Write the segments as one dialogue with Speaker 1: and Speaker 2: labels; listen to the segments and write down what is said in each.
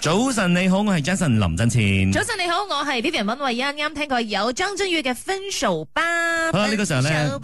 Speaker 1: 早晨你好，我係 Jason 林振前。早
Speaker 2: 晨你好，我係 Vivian 文慧欣。啱聽過有張俊宇嘅 f 分手吧好啊，呢、這個時候咧。分
Speaker 1: 手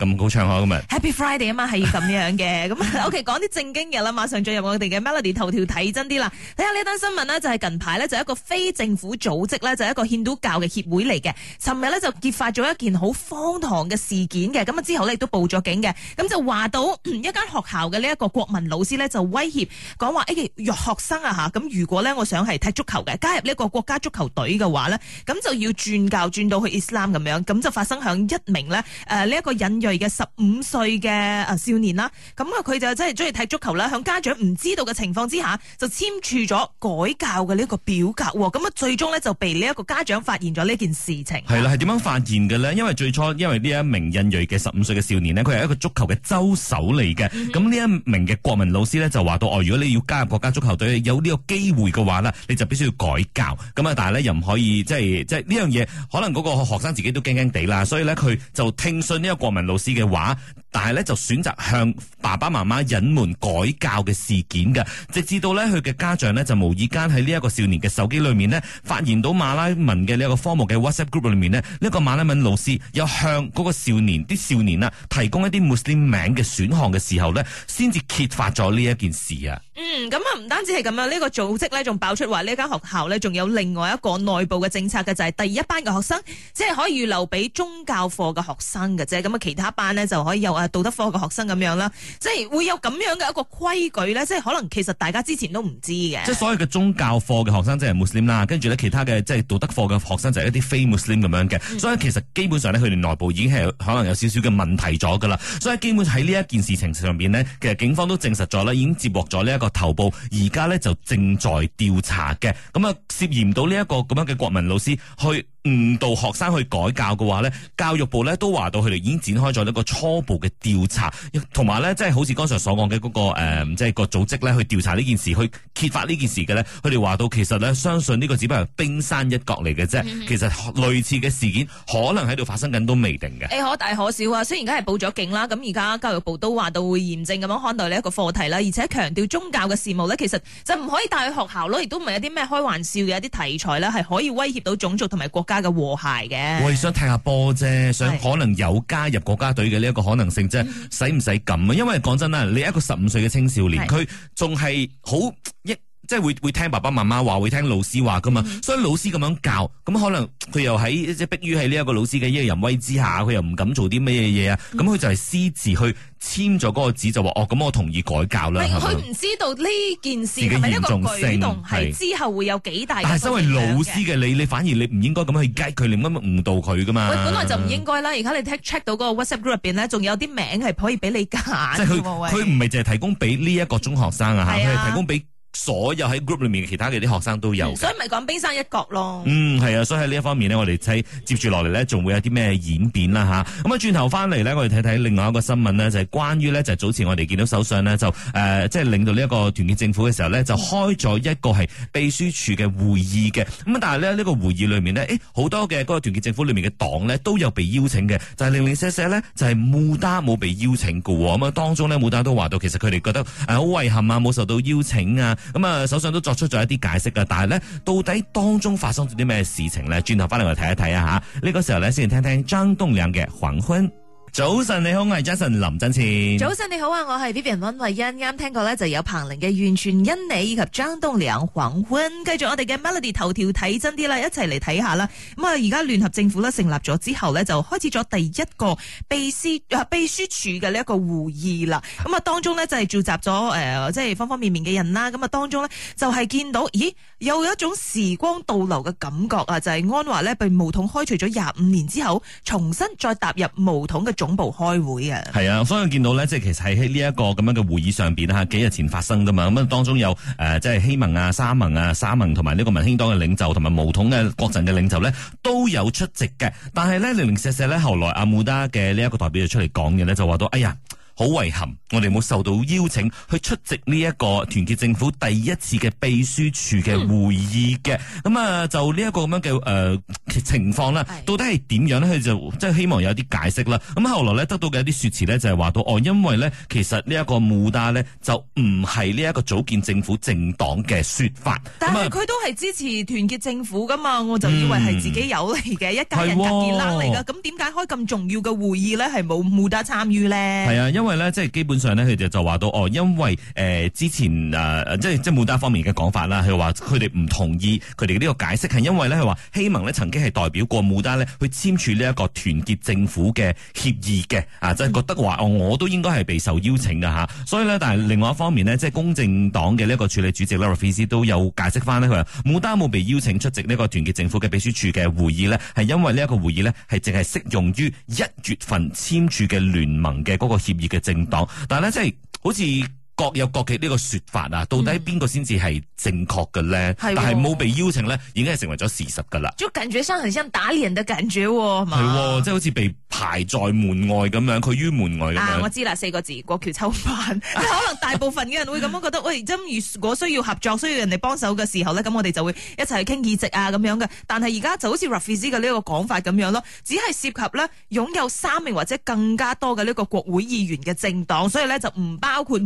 Speaker 1: 咁高唱啊今日
Speaker 2: ？Happy Friday 啊嘛，係咁樣嘅。咁 OK，講啲正經嘅啦，馬上進入我哋嘅 Melody 頭條睇真啲啦。睇下呢單新聞呢，就係、是、近排呢，就是、一個非政府組織呢，就是、一個獻到教嘅協會嚟嘅。尋日呢，就揭發咗一件好荒唐嘅事件嘅。咁啊之後亦都報咗警嘅。咁就話到一間學校嘅呢一個國民老師呢，就威脅講話誒入學。生啊吓，咁如果咧，我想係踢足球嘅，加入呢一個國家足球隊嘅話咧，咁就要轉教轉到去 Islam 咁樣，咁就發生響一名咧誒呢一個印裔嘅十五歲嘅誒少年啦，咁啊佢就真係中意踢足球啦，響家長唔知道嘅情況之下，就簽署咗改教嘅呢一個表格，咁啊最終咧就被呢一個家長發現咗呢件事情。係啦，係
Speaker 1: 點樣發現嘅呢？因為最初因為呢一名印裔嘅十五歲嘅少年呢，佢係一個足球嘅周手嚟嘅，咁呢、嗯、哼一名嘅國民老師咧就話到哦，如果你要加入國家足球隊。有呢個機會嘅話咧，你就必須要改教，咁啊，但係咧又唔可以即係即係呢樣嘢，可能嗰個學生自己都驚驚哋啦，所以咧佢就聽信呢個國民老師嘅話。但係咧就選擇向爸爸媽媽隱瞞改教嘅事件嘅，直至到呢，佢嘅家長呢就無意間喺呢一個少年嘅手機裏面呢發現到馬來文嘅呢一個科目嘅 WhatsApp group 裏面呢，呢一個馬來文老師有向嗰個少年啲少年啊提供一啲 Muslim 名嘅選項嘅時候呢，先至揭發咗呢一件事啊。嗯，
Speaker 2: 咁啊唔單止係咁樣，呢個組織呢仲爆出話呢間學校呢仲有另外一個內部嘅政策嘅，就係第一班嘅學生即係可以預留俾宗教課嘅學生嘅啫，咁啊其他班呢，就可以有道德課嘅學生咁樣啦，即係會有咁樣嘅一個規矩咧，即係可能其實大家之前都唔知嘅。即係所
Speaker 1: 謂嘅宗教課嘅學生即係穆斯林啦，跟住咧其他嘅即係道德課嘅學生就係一啲非穆斯林咁樣嘅，嗯、所以其實基本上咧佢哋內部已經係可能有少少嘅問題咗噶啦，所以基本喺呢一件事情上邊呢，其實警方都證實咗啦，已經接獲咗呢一個投報，而家咧就正在調查嘅，咁啊涉嫌到呢一個咁樣嘅國民老師去誤導學生去改教嘅話呢，教育部呢都話到佢哋已經展開咗一個初步嘅調查，同埋呢，即係好似剛才所講嘅嗰個、呃、即係個組織呢去調查呢件事，去揭發呢件事嘅呢，佢哋話到其實呢，相信呢個只不過係冰山一角嚟嘅啫，嗯嗯，其實類似嘅事件可能喺度發生緊都未定嘅。
Speaker 2: 誒可大可小啊，雖然而家係報咗警啦，咁而家教育部都話到會嚴正咁樣看待呢一個課題啦，而且強調宗教嘅事務呢，其實就唔可以帶去學校咯，亦都唔係有啲咩開玩笑嘅一啲題材呢，係可以威脅到種族同埋國家。嘅和諧嘅，我哋
Speaker 1: 想踢下波啫，想可能有加入國家隊嘅呢一個可能性啫，使唔使咁啊？因為講真啦，你一個十五歲嘅青少年，佢仲係好一。即係會會聽爸爸媽媽話，會聽老師話噶嘛，所以老師咁樣教，咁可能佢又喺即係逼於喺呢一個老師嘅淫威之下，佢又唔敢做啲咩嘢嘢啊，咁佢就係私自去簽咗嗰個紙就話哦，咁我同意改教啦，佢唔
Speaker 2: 知道呢件事嘅嚴重性，係之後會有幾大。但係身為老師
Speaker 1: 嘅你，你反而你唔應該咁去激佢，唔應該誤導佢噶嘛。佢，本來就唔應
Speaker 2: 該啦，而家你 check check 到嗰個 WhatsApp group 入邊咧，仲有啲名係可以俾你揀。即係佢佢
Speaker 1: 唔係淨係提供俾呢一個中學生啊吓，係提供俾。所有喺 group 裏面其他嘅啲學生都有、嗯，所以
Speaker 2: 咪講冰
Speaker 1: 山一角咯。嗯，係啊，所以喺呢一方面呢，我哋睇接住落嚟呢，仲會有啲咩演變啦吓，咁啊，轉頭翻嚟呢，我哋睇睇另外一個新聞呢，就係、是、關於呢，就是、早前我哋見到首相呢，就誒，即、呃、係、就是、領導呢一個團結政府嘅時候呢，就開咗一個係秘書處嘅會議嘅。咁啊，但係呢呢、這個會議裏面呢，誒好多嘅嗰個團結政府裏面嘅黨呢，都有被邀請嘅，就係零零舍舍呢，就係穆達冇被邀請嘅。咁啊，當中呢，穆達都話到，其實佢哋覺得好遺憾啊，冇受到邀請啊。咁啊，首相都作出咗一啲解釋嘅，但係咧，到底當中發生咗啲咩事情咧？轉頭翻嚟我哋睇一睇啊！吓，呢個時候咧先聽聽張棟樑嘅《黃昏》。早晨，你好，我係 Jason 林振前。早晨，
Speaker 2: 你好啊，我係 Vivian 溫慧欣。啱聽過咧，就有彭羚嘅《完全因你》，以及張東良嘅《黃昏》。繼續我哋嘅 Melody 頭條睇真啲啦，一齊嚟睇下啦。咁啊，而家聯合政府咧成立咗之後咧，就開始咗第一個、呃、秘書秘書處嘅呢一個會議啦。咁啊，當中咧就係召集咗誒、呃，即係方方面面嘅人啦。咁啊，當中咧就係見到，咦，有一種時光倒流嘅感覺啊！就係、是、安華咧被巫統開除咗廿五年之後，重新再踏入巫統嘅總部開
Speaker 1: 會啊，係啊，所以我見到咧，即係其實喺呢一個咁樣嘅會議上邊啊，幾日前發生噶嘛。咁啊，當中有誒、呃，即係希盟啊、沙盟啊、沙盟同埋呢個民興黨嘅領袖，同埋巫統嘅國陣嘅領袖咧，都有出席嘅。但係咧零零舍舍咧，後來阿穆達嘅呢一個代表就出嚟講嘢咧，就話到，哎呀。好遺憾，我哋冇受到邀請去出席呢一個團結政府第一次嘅秘書處嘅會議嘅。咁啊，就呢一個咁樣嘅誒情況啦，到底係點樣呢？佢就即係希望有啲解釋啦。咁後來咧，得到嘅一啲說辭呢，就係話到哦，因為呢，其實呢一個穆達呢，就唔係呢一個組建政府政黨嘅說法。但係佢
Speaker 2: 都係支持團結政府噶嘛，我就以為係自己友嚟嘅，嗯、一家人嚟噶。咁點解開咁重要嘅會議呢？係冇穆達參與呢？係啊，因
Speaker 1: 因為咧，即係基本上咧，佢哋就話到哦，因為誒、呃、之前誒、呃，即係即係穆丹方面嘅講法啦，佢話佢哋唔同意佢哋呢個解釋，係因為咧，佢話希盟咧曾經係代表過穆丹呢去簽署呢一個團結政府嘅協議嘅，啊，即係覺得話哦，我都應該係備受邀請㗎吓、啊，所以咧，但係另外一方面呢，即係公正黨嘅呢一個處理主席 Rafizi 都有解釋翻呢。佢話穆丹冇被邀請出席呢個團結政府嘅秘書處嘅會議呢，係因為呢一個會議咧係淨係適用於一月份簽署嘅聯盟嘅嗰個協議嘅。嘅政黨，但係咧，即係好似。各有各嘅呢個說法啊，到底邊個先至係正確嘅咧？嗯、但係冇被邀請呢，已經係成為咗事實噶啦。
Speaker 2: 就感覺上很像打臉嘅感覺喎，喎，即係、哦就
Speaker 1: 是、好似被排在門外咁樣，拒於門外咁啊，我知
Speaker 2: 啦，四個字過橋抽板，即 可能大部分嘅人會咁樣覺得， 喂，真如果需要合作、需要人哋幫手嘅時候呢，咁我哋就會一齊去傾議席啊咁樣嘅。但係而家就好似 Rafiz 嘅呢個講法咁樣咯，只係涉及呢擁有三名或者更加多嘅呢個國會議員嘅政黨，所以呢就唔包括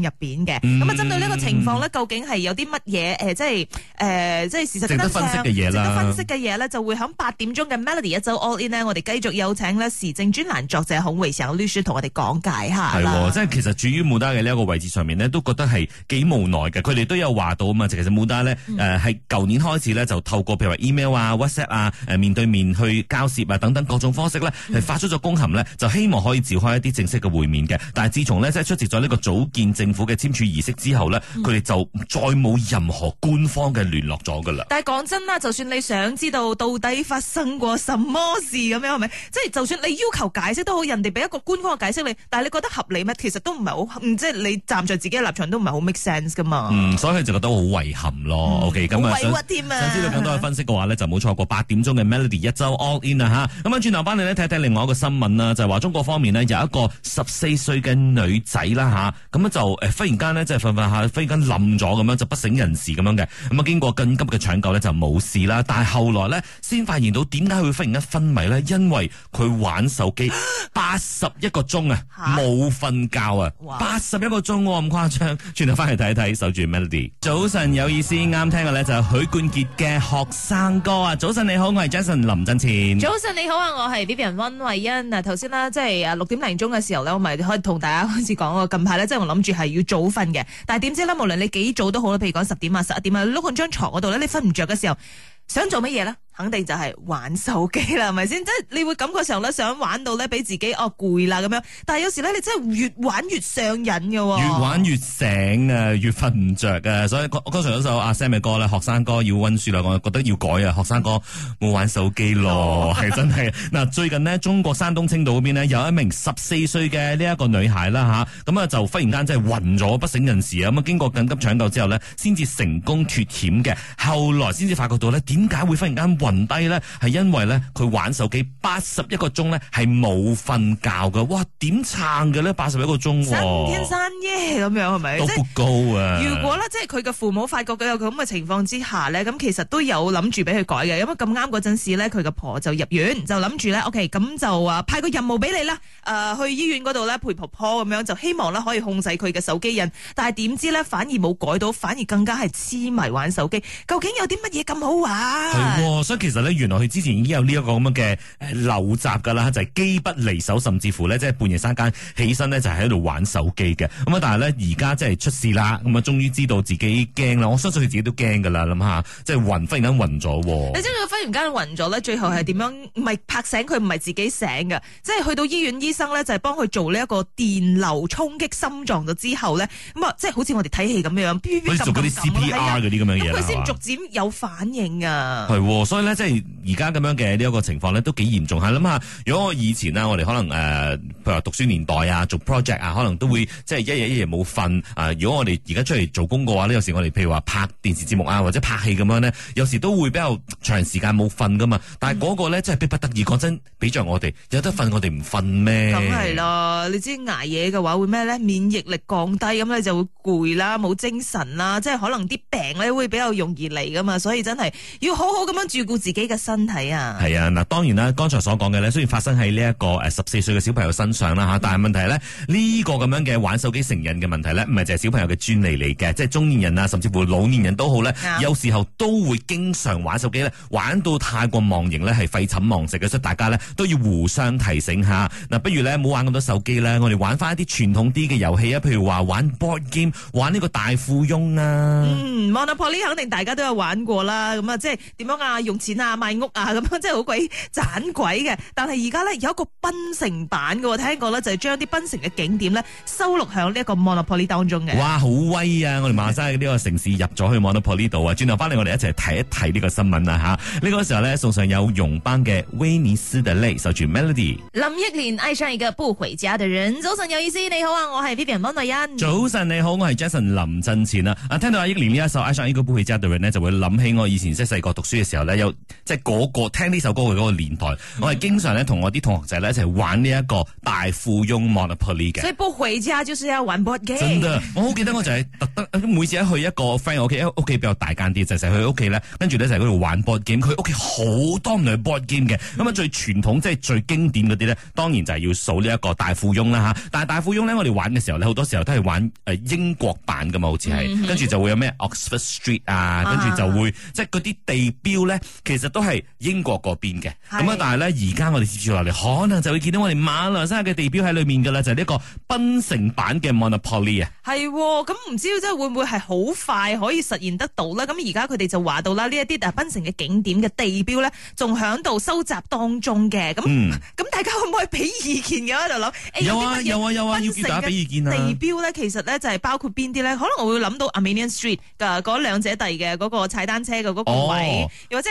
Speaker 2: 入邊嘅咁啊，針、嗯、對呢個情況呢，究竟係有啲乜嘢？誒、呃，即係誒、呃，即係事實真值得分析嘅嘢啦。值得分析嘅嘢咧，就會響八點鐘嘅 Melody 一週 a 我哋繼續有請咧時政專欄作者孔維成同我哋講解下係、哦，即
Speaker 1: 係其實住於穆達嘅呢一個位置上面呢，都覺得係幾無奈嘅。佢哋都有話到啊嘛，其實穆達呢，誒係舊年開始呢，就透過譬如話 email 啊、WhatsApp 啊、誒面對面去交涉啊等等各種方式呢，係、嗯、發出咗攻函呢，就希望可以召開一啲正式嘅會面嘅。但係自從呢，即係出席咗呢個組建政府嘅簽署儀式之後咧，佢哋就再冇任何官方嘅聯絡咗㗎啦。但
Speaker 2: 係講真啦，就算你想知道到底發生過什麼事咁樣，係咪？即係就算你要求解釋都好，人哋俾一個官方嘅解釋你，但係你覺得合理咩？其實都唔係好，嗯，即係你站在自己嘅立場都唔係好 make sense 㗎嘛。
Speaker 1: 所以就覺得好遺憾咯。OK，委屈添啊，想知道更多嘅分析嘅話咧，就冇錯過八點鐘嘅 Melody 一周 All In 啊嚇。咁樣轉頭翻嚟咧，睇睇另外一個新聞啦，就係話中國方面呢，有一個十四歲嘅女仔啦吓？咁就。誒，忽然間呢，即係瞓瞓下，忽然間冧咗咁樣，就不省人事咁樣嘅。咁啊，經過緊急嘅搶救呢，就冇事啦。但係後來呢，先發現到點解佢忽然間昏迷呢？因為佢玩手機八十一個鐘啊，冇瞓覺啊，八十一個鐘咁誇張。轉頭翻嚟睇一睇，守住 Melody。早晨有意思，啱哇聽嘅呢，就係、是、許冠傑嘅《學生哥》啊。早晨你好，我係 Jason 林振前。
Speaker 2: 早晨你好啊，我係 Vivian 溫慧欣。嗱，頭先啦，即係六點零鐘嘅時候呢，我咪可以同大家開始講啊。我近排呢，即係我諗住係要早瞓嘅，但係點知咧？無論你幾早都好啦，譬如講十點啊、十一點啊，碌喺張床嗰度咧，你瞓唔着嘅時候，想做乜嘢咧？肯定就係玩手機啦，係咪先？即係你會感覺上咧想玩到咧，俾自己哦攰啦咁樣。但係有時咧，你真係越玩越上癮嘅，哦，越玩
Speaker 1: 越醒啊，越瞓唔着啊。所以我剛才嗰首阿，啊、Sam 嘅歌咧，學生哥要溫書啦，我覺得要改啊。學生哥冇玩手機咯，係 真係。嗱，最近呢，中國山東青島嗰邊呢，有一名十四歲嘅呢一個女孩啦吓，咁啊，啊就忽然間真係暈咗不省人事啊。咁啊經過緊急搶救之後呢，先至成功脫險嘅。後來先至發覺到呢，點解會忽然間？瞓低咧，係因為咧佢玩手機八十一個鐘咧，係冇瞓覺噶。哇，點撐嘅咧？八十一個鐘，神天山
Speaker 2: 耶咁樣係咪？都
Speaker 1: 高啊！如果
Speaker 2: 咧，即係佢嘅父母發覺佢有咁嘅情況之下咧，咁其實都有諗住俾佢改嘅。因為咁啱嗰陣時咧，佢嘅婆婆就入院，就諗住咧，OK，咁就啊派個任務俾你啦。誒、呃，去醫院嗰度咧陪婆婆咁樣，就希望咧可以控制佢嘅手機癮。但係點知咧反而冇改到，反而更加係癡迷玩手機。究竟有啲乜嘢咁好玩？
Speaker 1: 其實咧，原來佢之前已經有呢一個咁樣嘅誒陋習噶啦，就係機不離手，甚至乎咧即係半夜三更起身咧就喺度玩手機嘅。咁啊，但係咧而家即係出事啦，咁啊終於知道自己驚啦。我相信佢自己都驚噶啦，諗下即係暈，忽然間暈咗。你知唔
Speaker 2: 知佢忽然間暈咗咧？最後係點樣？唔係拍醒佢，唔係自己醒㗎。即係去到醫院，醫生咧就係幫佢做呢一個電流衝擊心臟咗之後咧，咁啊即係好似我哋睇戲咁樣。佢做嗰啲 CPR 嗰啲咁樣嘢佢先逐漸有反應啊。係，
Speaker 1: 所以。即係而家咁樣嘅呢一個情況咧，都幾嚴重吓，諗下，如果我以前啦，我哋可能誒、呃，譬如話讀書年代啊，做 project 啊，可能都會即係一日一夜冇瞓啊。如果我哋而家出嚟做工嘅話呢，有時我哋譬如話拍電視節目啊，或者拍戲咁樣呢，有時都會比較長時間冇瞓噶嘛。但係嗰個呢，嗯、真係逼不得已。講真，畀着我哋有得瞓，我哋唔瞓咩？梗係
Speaker 2: 啦，你知捱夜嘅話會咩呢？免疫力降低，咁咧就會攰啦，冇精神啦，即係可能啲病咧會比較容易嚟噶嘛。所以真係要好好咁樣照顧。自己
Speaker 1: 嘅身體啊，係啊嗱，當然啦，剛才所講嘅咧，雖然發生喺呢一個誒十四歲嘅小朋友身上啦嚇，但係問題咧，呢個咁樣嘅玩手機成癮嘅問題咧，唔係就係小朋友嘅專利嚟嘅，即係中年人啊，甚至乎老年人都好咧，的有時候都會經常玩手機咧，玩到太過忘形咧，係廢寢忘食嘅，所以大家咧都要互相提醒一下。嗱、啊，不如咧冇玩咁多手機啦，我哋玩翻一啲傳統啲嘅遊戲啊，譬如話玩 board game，玩呢個大富翁啊。嗯，Monopoly 肯定大家都有玩過啦，咁啊，即係點樣
Speaker 2: 啊？用錢啊，賣屋啊，咁樣真係好鬼盞鬼嘅。但係而家咧有一個檳城版嘅，聽過咧就係將啲檳城嘅景點咧收錄響呢一個 Monopoly 當中嘅。哇，
Speaker 1: 好威啊！我哋馬山嘅呢個城市入咗去 Monopoly 度啊！轉頭翻嚟，我哋一齊睇一睇呢個新聞啊吓。呢、啊這個時候咧，送上有容班嘅《威尼斯的淚》受，守住 Melody。
Speaker 2: 林憶蓮愛上一個不回家的人。早晨有意思，你好啊，我係 Vivian 溫麗欣。早
Speaker 1: 晨你好，我係 Jason 林振前啊。啊，聽到阿憶蓮呢一首《愛上一個不回家的人》呢，就會諗起我以前細個讀書嘅時候呢。有。即係嗰、嗰個聽呢首歌嘅嗰個年代，嗯、我係經常咧同我啲同學仔咧一齊玩呢一個大富翁 Monopoly 嘅。所以
Speaker 2: 不回家就是要玩 board game。真噶，我好記得我就係
Speaker 1: 特登， 每次一去一個 friend 屋企，屋企比較大間啲，就係、是、去屋企咧，跟住咧就係嗰度玩 board game。佢屋企好多唔同嘅 board game 嘅。咁啊、嗯，最傳統即係、就是、最經典嗰啲咧，當然就係要數呢一個大富翁啦吓。但係大富翁咧，我哋玩嘅時候咧，好多時候都係玩誒英國版噶嘛，好似係，嗯、哼跟住就會有咩 Oxford Street 啊，跟住就會、啊、哈即係嗰啲地標咧。其實都係英國嗰邊嘅，咁啊是！但係咧，而家我哋接住落嚟，可能就會見到我哋馬來西亞嘅地標喺裏面噶啦，就係、是、呢個檳城版嘅 Monopoly 啊！
Speaker 2: 係、哦，咁唔知即係會唔會係好快可以實現得到啦。咁而家佢哋就話到啦，呢一啲誒檳城嘅景點嘅地標咧，仲響度收集當中嘅。咁咁，嗯、大家可唔可以俾意見嘅？喺度諗有啊有啊有啊，要大家俾意見啊。啊的地標咧，其實咧就係包括邊啲咧？可能我會諗到 Armenian Street 嘅嗰兩者第嘅嗰個踩單車嘅嗰個位置，哦、或者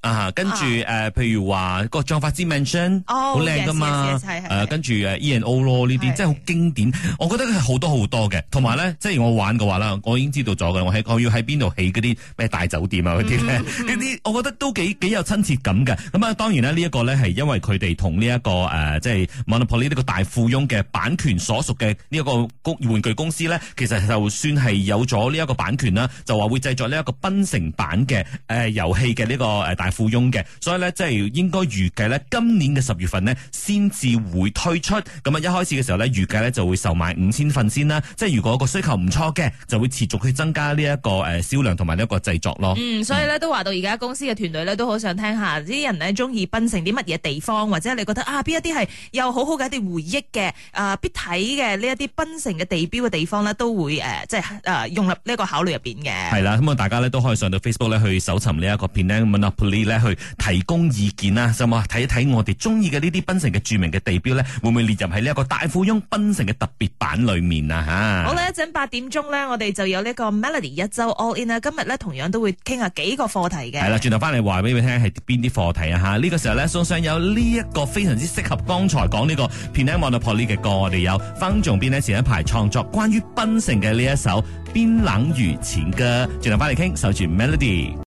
Speaker 1: 啊，跟住誒、啊呃，譬如話、那個張發之 mention，好靚噶嘛，誒，跟住誒 E&O 咯呢啲，對對對即係好經典。我覺得係好多好多嘅。同埋咧，即係我玩嘅話啦，我已經知道咗嘅，我喺我要喺邊度起嗰啲咩大酒店啊嗰啲咧，呢啲、mm hmm. 我覺得都幾幾有親切感嘅。咁、嗯、啊，當然啦，呢、這、一個咧係因為佢哋同呢一個誒，即、呃、係、就是、Monopoly 呢個大富翁嘅版權所屬嘅呢一個玩具公司咧，其實就算係有咗呢一個版權啦，就話會製作呢一個檳城版嘅誒遊戲嘅呢個誒、呃富翁嘅，所以咧即係應該預計咧今年嘅十月份呢，先至會推出，咁啊一開始嘅時候呢，預計呢就會售賣五千份先啦，即係如果個需求唔錯嘅，就會持續去增加呢一個誒銷量同埋呢一個製作咯。嗯，
Speaker 2: 所以呢，都話到而家公司嘅團隊呢，都好想聽下啲人呢中意檳城啲乜嘢地方，或者你覺得啊邊一啲係有好好嘅一啲回憶嘅啊、呃、必睇嘅呢一啲檳城嘅地標嘅地方呢，都會誒、呃、即係誒、呃、用入呢一個考慮入邊嘅。
Speaker 1: 係啦，希望大家呢，都可以上到 Facebook 咧去搜尋呢一個片去提供意見啦，心嘛睇一睇我哋中意嘅呢啲檳城嘅著名嘅地標咧，會唔會列入喺呢一個大富翁檳城嘅特別版裡面啊？嚇！好啦，
Speaker 2: 一陣八點鐘咧，我哋就有呢個 Melody 一周 All In 啦。今日咧同樣都會傾下幾個課題嘅。係啦，
Speaker 1: 轉頭翻嚟話俾你聽係邊啲課題啊？嚇！呢、呢個時候咧，送上有呢一個非常之適合剛才講呢個 Penang Monopoly 嘅歌，我哋有方仲邊呢前一排創作關於檳城嘅呢一首邊冷如前嘅，轉頭翻嚟傾守住 Melody。